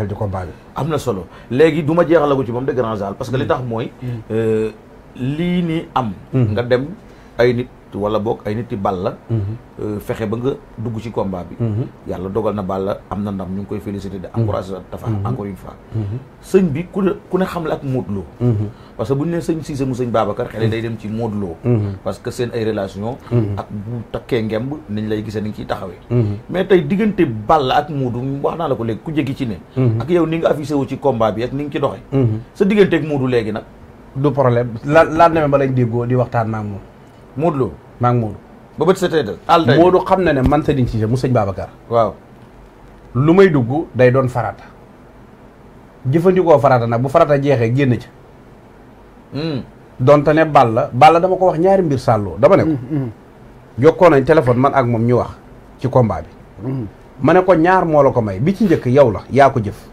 xel ci combat am na solo léegi du ma jeexalagu ci moom de grand salle parce que li mm. tax mooy. Mm. Euh, lii nii am. Mm-hmm. nga dem ay nit wala boog ay nit yi Balla. Mhm. Euh, fexe ba nga dugg ci combat bi. Mhm. yàlla dogal na Balla am na ndam ñu ngi koy féliciter di mhm. encourager Tapha encore une fois. sëñ bi ku ne ku ne xam la ak Modou Lo. parce la ko ni ci combat bi ak ni nga ci doxee. sa diggante ak Modou léegi nag. du problème la la demee ba lañ déggoo di waxtaan naa moom. Modou Lo maa ngi Modou. ba bët sa tëdd àll tey xam na ne man Serigne Cissé mu sëñ Babacar. waaw lu may dugg day doon faraata jëfandikoo farata nag bu farata jeexee génn ci hmm. donte ne Balla Balla dama ko wax ñaari mbir sàlloo dama ne ko. Hmm, hmm. jokkoo nañ téléphone man ak moom ñu wax ci combat bi. ma ne ko ñaar moo la ko may bi ci njëkk yow la yaa ko jëf.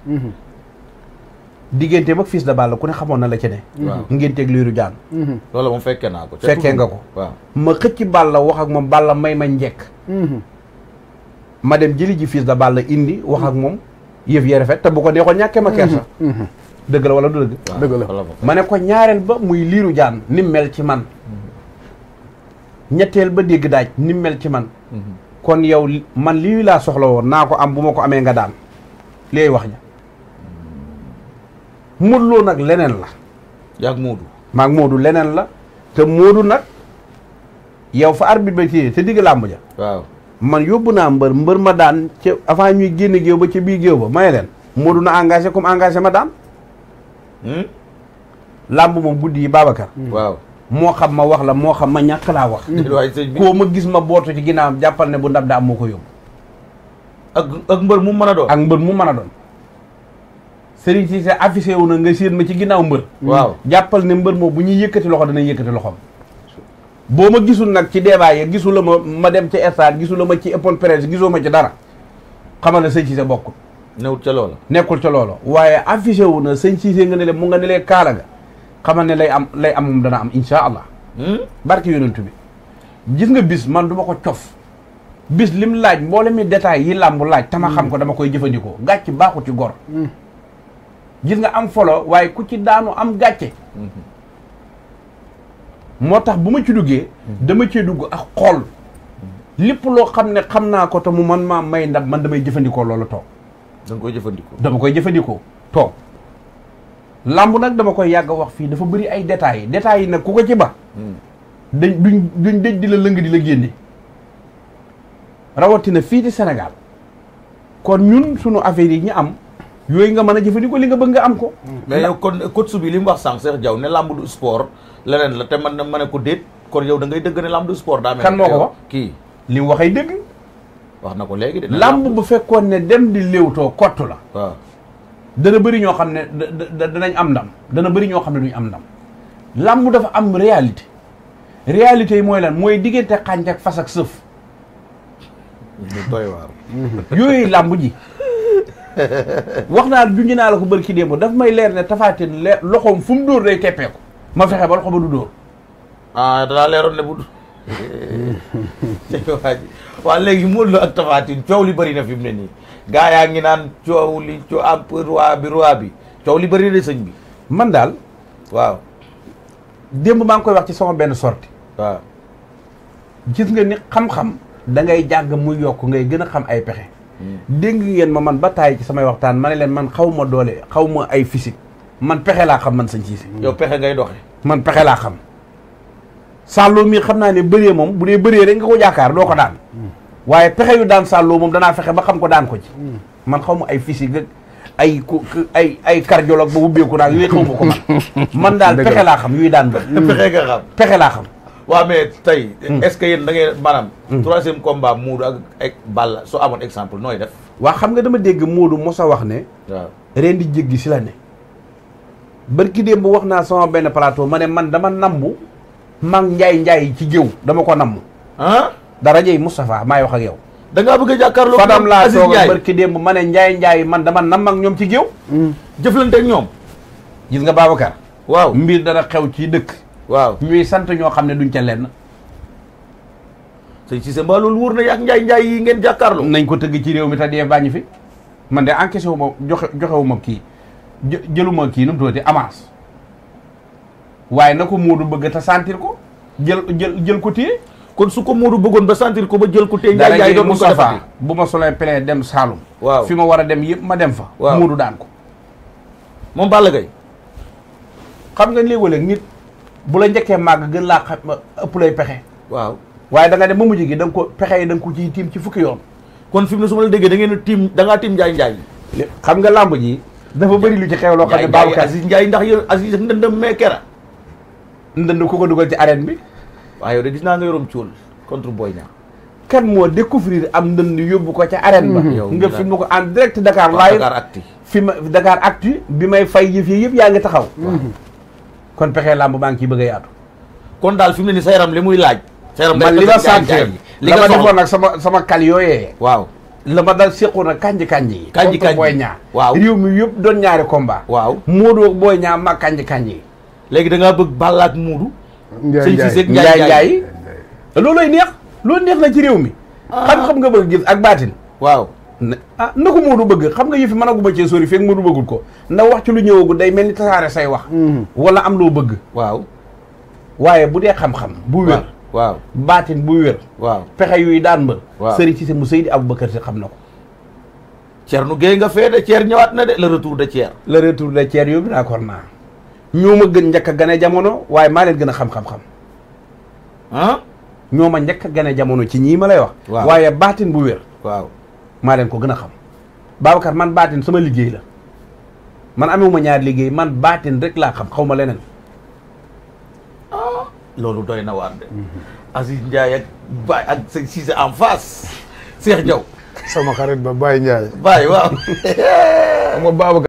digganteem ak fils de Balla ku ne xamoon na la ci ne. waaw ngénteeg liiru jaan. Mhm. loolu moom fekkee naa ko. fekkee nga ko waaw. ma xëcc Balla wax ak moom Balla may ma njekk. Mhm. ma dem jëli ji fiis de Balla indi wax ak moom yëf yee rafet te bu ko neexoon ñàkkee ma kersa. Mhm. dëgg la wala du dëgg. dëgg la ma ne ko ñaareel ba muy liiru jaan ni mel ci man. ñetteel ba dégg daaj ni mel ci man. kon yow man lii laa soxla woon naa ko am bu ma ko amee nga daan léegi wax ja Modou Lo nag leneen la. yaag Modou. maag Modou leneen la te Modou nag yow fa arbitre ba te digg làmb ja. man yóbbu naa mbër mbër ma daan ca avant ñuy génn géew ba ca biir géew ba maye leen Modou na engagé comme engagé ma daan. Hmm? làmb moom guddi yi Babacar. Hmm. moo xam ma wax la moo xam ma ñàkk laa wax. koo ma gis ma bootu ci am jàppal ne bu ndab daa moo ko yóbbu. ak mbër mu mën a doon. ak mbër mu mën a doon. Serigne Cissé affiché wu na nga séen ma ci ginnaaw mbër. waaw jàppal ne mbër moom bu ñuy yëkkati loxo danañ yëkkati loxoom. boo ma gisul nag ci débat ya gisu la ma ma dem ci stade gisu ma ci épon presse gisoo ma ci dara xamal na sëñ Cissé bokkul. newul ca loola nekkul ca loola. waaye affiché wu na sën Cissé nga ne le mu nga ne lee kaala ga xamal ne lay am lay am moom dana am insha allah. Hmm? barke yonent bi gis nga bis man du ma ko cof. bis lim laaj mboole mi détail yi làmbu laaj. tama xam ko dama koy jëfandikoo gàcc baaxu ci gor. Hmm. gis nga am folo waaye ku ci daanu am gàcce moo tax bu ma ci duggee dama cee dugg ak xool lépp loo xam ne xam naa ko te mu man maa may ndax man damay jëfandikoo loolu toog danga koy jëfandikoo dama koy jëfandikoo toog làmb nag dama koy yàgg wax fii dafa bëri ay yi détails yi nag ku ko ci ba hmm. dañ duñ duñ dëj di la lëng di la génne rawatina fii di Sénégal kon ñun sunu affaire yi ñu am yooyu nga mën a jëfandikoo li nga bëgg nga am ko. Mm. mais yow kon coach bi li mu wax sànq Cheikh Diaw ne làmb du sport leneen la te man ma ne ko déet kon yow da ngay dëgg ne làmb du sport. daa mel kan ko wax kii li mu waxee dëgg. na ko léegi làmb bu fekkoon ne dem di léewtoo kottu la. dana bëri ñoo xam ne danañ am ndam dana bëri ñoo xam ne duñ am ndam. làmb dafa am réalité réalité yi mooy leen mooy diggante xànc ak fas ak sëf. doy yooyu làmb ji. wax naa junj naa la ko bërki démb dafa may leer ne Tapha Tine leer loxoom fu mu dóor day teppeeku ma fexe ba loxo ba du dóor. ah danaa leeroon ne bu waa waa léegi Modou Lo ak Tapha Tine coow li bari na fi mu ne nii gaa yaa ngi naan coow li coow bi roi li bari na sëñ bi. man daal. waaw. démb maa ngi koy wax ci sama benn sortie. waaw. gis nga ni xam-xam. da jàng mu yokk ngay gën a xam ay pexe. dégg ngeen ma man ba tàyyi ci samay waxtaan ma ne leen man xaw ma doole xaw ma ay physique man pexe laa xam man sañ siise yow pexe ngay doxe man pexe laa xam sàlloo mii xam naa ne bëree moom bu dee bëree rek nga ko jaakaar doo ko daan waaye pexe yu daan sàlloo moom danaa fexe ba xam ko daan ko ci man xaw ma ay physique ay ku ay ay cardiologue ba ubbeeku naag yooyu xaw ma ko man man daal pexe laa xam yuy daan bëri pexe laa xam wa mais tay hmm. est-ce que yéen da ngay manam hmm. troisième combat Modou ak ak Balla soo amoon exemple noy def. wa xam nga dama deg Modou wax ne. rendi ren di ne. barki dembu wax sama ben plateau mané man dama nambu. mang njaay njaay ci géew dama ko nambu. ah dara jëy mustafa may wax ak yow. da nga bëgg jakarlo Fadam la so barki dembu mané man dama nam ak ñom ci géew. Hmm. jëflante ak ñom gis nga babakar waaw mbir dara xew ci waaw ñuy sant ñoo xam ne duñ ca lenn. sëñ Cissé mbaa loolu wóor na yàgg njaay njaay yi ngeen jàkkaarloo. nañ ko tëgg ci réew mi te dee bàññi fi man de encaissé wu ma joxe joxe kii jë jëluma kii nu mu di avance waaye na ko Moodu bëgg te sentir ko jël jël jël ko téye. kon su ko Moodu bëggoon ba sentir ko ba jël ko téye. njaay njaay doon mu ko bu ma solee plee dem Saalum. waaw fi ma war a dem yëpp ma dem fa. waaw Moodu daan ko. moom Balla Gaye xam nga léeg-léeg nit. bu la njëkkee màgg gën laa xam ma ëpp lay pexe. waaw waaye da dem ba mujj gi da ko pexe yi da nga ko ciy tiim ci fukki yoon. kon fi mu ne su la déggee da ngeen tiim da ngaa tiim njaay njaay. xam nga làmb ji. dafa bëri lu ci xew loo xam ne baabu kat Aziz Ndiaye ndax yéen Aziz ndëndam meekera. ndënd ku ko dugal ci arène bi. waaw yow gis naa nga yoroom ciwul contre Boy Niang. kan moo découvrir am ndënd yóbbu ko ca arène ba. Mm-hmm. nga fi mu ko en direct Dakar live fi ma Dakar Actu bi may fay yëf yi yëpp yaa ngi taxaw. kon pexe làmb maa ngi ciy bëgg a yaatu. kon daal fi mu ne sa yaram li muy laaj. sa yaram man li ma sentir li nga defoon nag sama sama kal yooyee. waaw la ma dal seqoon ak kanji yi. kanji kanji booy waaw réew yëpp doon ñaari combat. waaw Modou ak booy ma kanji yi. léegi da ngaa bëgg Balla ak Modou. Ndiaye Ndiaye neex loolu neex na ci réew mi. Ah. xam-xam nga bëgg gis ak baatin waaw ne ah na ko Modou bëgg xam nga yëfi mënaguma cee sori feeg Modou bëggul ko nda wax ci lu ñëwagul day mel ni tasaare say wax. Mm-hmm. wala am loo bëgg. waaw waaye bu dee xam-xam. bu wér waaw baatin bu wér. waaw pexe yuy daan ba. waaw sëriñ si mu Seydi Aboubacar si xam na ko. Thierno Gueye nga fee de Thier ñëwaat na de retour de Thier. le retour de Thier yóbbu ñoo ma gën njëkk gane jamono waaye maa leen gën a xam-xam-xam. ah. njëkk a jamono ci ñii ma lay wax. waaw waaye baatin bu wér. maa leen ko gën a xam Babacar man baatin sama liggéey la man amewuma ñaari liggéey man baatin rek laa xam xaw ma leneen ah, loolu doy na waar de mhm. Aziz Ndiaye ak Baye ak sëñ Cissé en face Cheikh Diaw sama xarit ba Baye Ndiaye Baye waaw